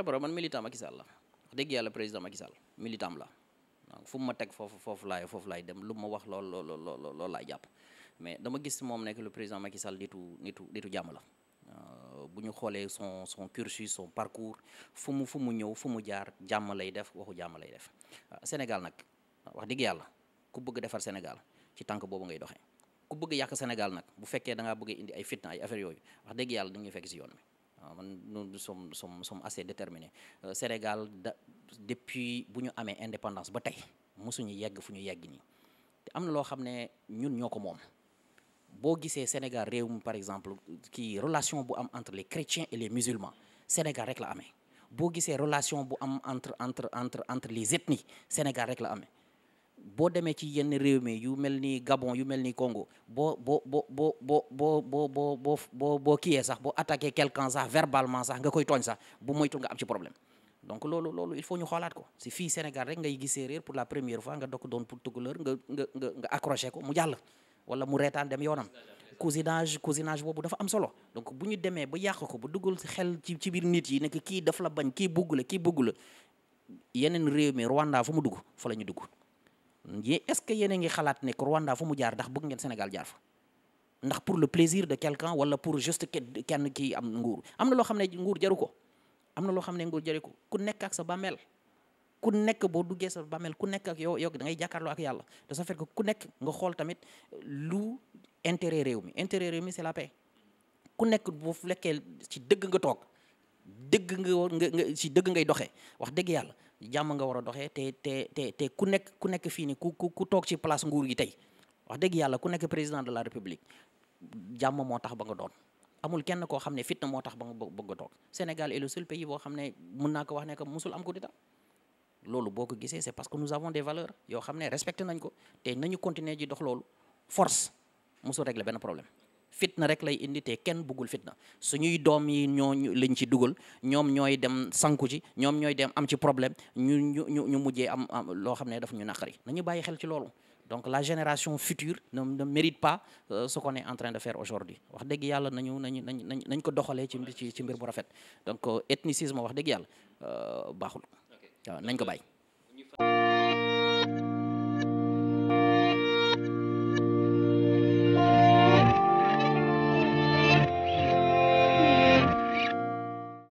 Kabaro man militant Macky Sall la wax dëgg yàlla président Macky Sall militant la donc fu mu ma teg foofu foofu laay foofu laay dem lu ma wax lool lool lool lool laay jàpp mais dama gis moom nekk le président Macky Sall nitu nitu nitu jàmm la euh, bu ñu xoolee son son cursus son parcours fu mu fu mu ñëw fu mu jaar jàmm lay def waxu jàmm lay def euh, Sénégal nag wax dëgg yàlla ku bëgg defar Sénégal ci tànk boobu ngay doxee ku bëgg yàq Sénégal nag bu fekkee da ngaa bëgg indi ay fitna ay affaire yooyu wax dëgg yàlla dañuy fekk si yoon Ah, man nous sommes sommes sommes assez déterminés euh, Sénégal da depuis bu ñu amee indépendance ba tey mosuñu yegg fu ñu yegg nii te am na loo xam ne ñun ñoo ko moom boo gisee Sénégal réew mi par exemple kii relation bu am entre les chrétiens et les musulmans Sénégal rek la amee boo gisee relation bu am entre entre entre entre les ethnies Sénégal rek la amee. boo demee ci yenn réew mi yu mel ni Gabon yu mel ni Congo boo boo boo boo boo boo boo boo boo boo boo kiiyee sax boo attaqué quelqu'un sax verbalement sax nga koy tooñ sax bu moytu nga am ci problème donc loolu loolu il faut ñu xoolaat ko si fii Sénégal rek ngay gis séeréer pour la première fois nga dokk doon pour tukulóor nga nga nga nga accroché ko mu jàll wala mu reetaan dem yoonam cousinage cousinage boobu dafa am solo donc bu ñu demee ba yàq ko ba duggal xel ci ci biir nit yi nekk kii daf la bañ kii bugg la kii bugg la yeneen réew mi Rwanda fu mu dugg fa la ñu dugg yee est-ce que yéen a ngi xalaat ne Rwanda fu mu jaar ndax bëgg ngeen Sénégal jaar fa ndax pour le plaisir de quelqu'un wala pour juste kenn ki am nguur am na loo xam ne nguur jaru ko am na loo xam ne nguur jaru ko ku nekk ak sa bàmmeel ku nekk boo duggee sa bàmmeel ku nekk ak yow yow da ngay jàkkaarloo ak yàlla de sa fait que ku nekk nga xool tamit lu intérêt réew mi intérer réew mi c'est la paix ku nekk bu lekkee ci dëgg nga toog dëgg nga war nga nga si dëgg ngay doxee wax dëgg yàlla jàmm nga war a doxee te te te ku nekk ku nekk fii ni ku ku toog ci place nguur gi tey wax dëgg yàlla ku nekk président de la république jàmm moo tax ba nga doon amul kenn koo xam ne fitna moo tax ba nga bëgg a toog Sénégal est le seul pays boo xam ne mën naa ko wax ne que musul am di d'état loolu boo ko gisee c'est parce que nous avons de valeurs yoo xam ne respecté nañ ko te nañu continuer di dox loolu force musul régler benn problème fitna rek lay indi te kenn buggul fitna suñuy doom yi ñooñu lañ ci dugal ñoom ñooy dem sanku ci ñoom ñooy dem am ci problème ñu ñu ñu ñu mujjee am am loo xam ne daf ñu naqari nañu bàyyi xel ci loolu donc la génération future ne ne mérite pas euh, ce ko ne en train de faire aujourd'hui wax dëgg yàlla nañu nañu nañ nañ nañ ko doxalee ci ci mbir bu rafet donc euh, ethnicisme wax dëgg yàlla euh, baaxul waaw nañ ko bàyyi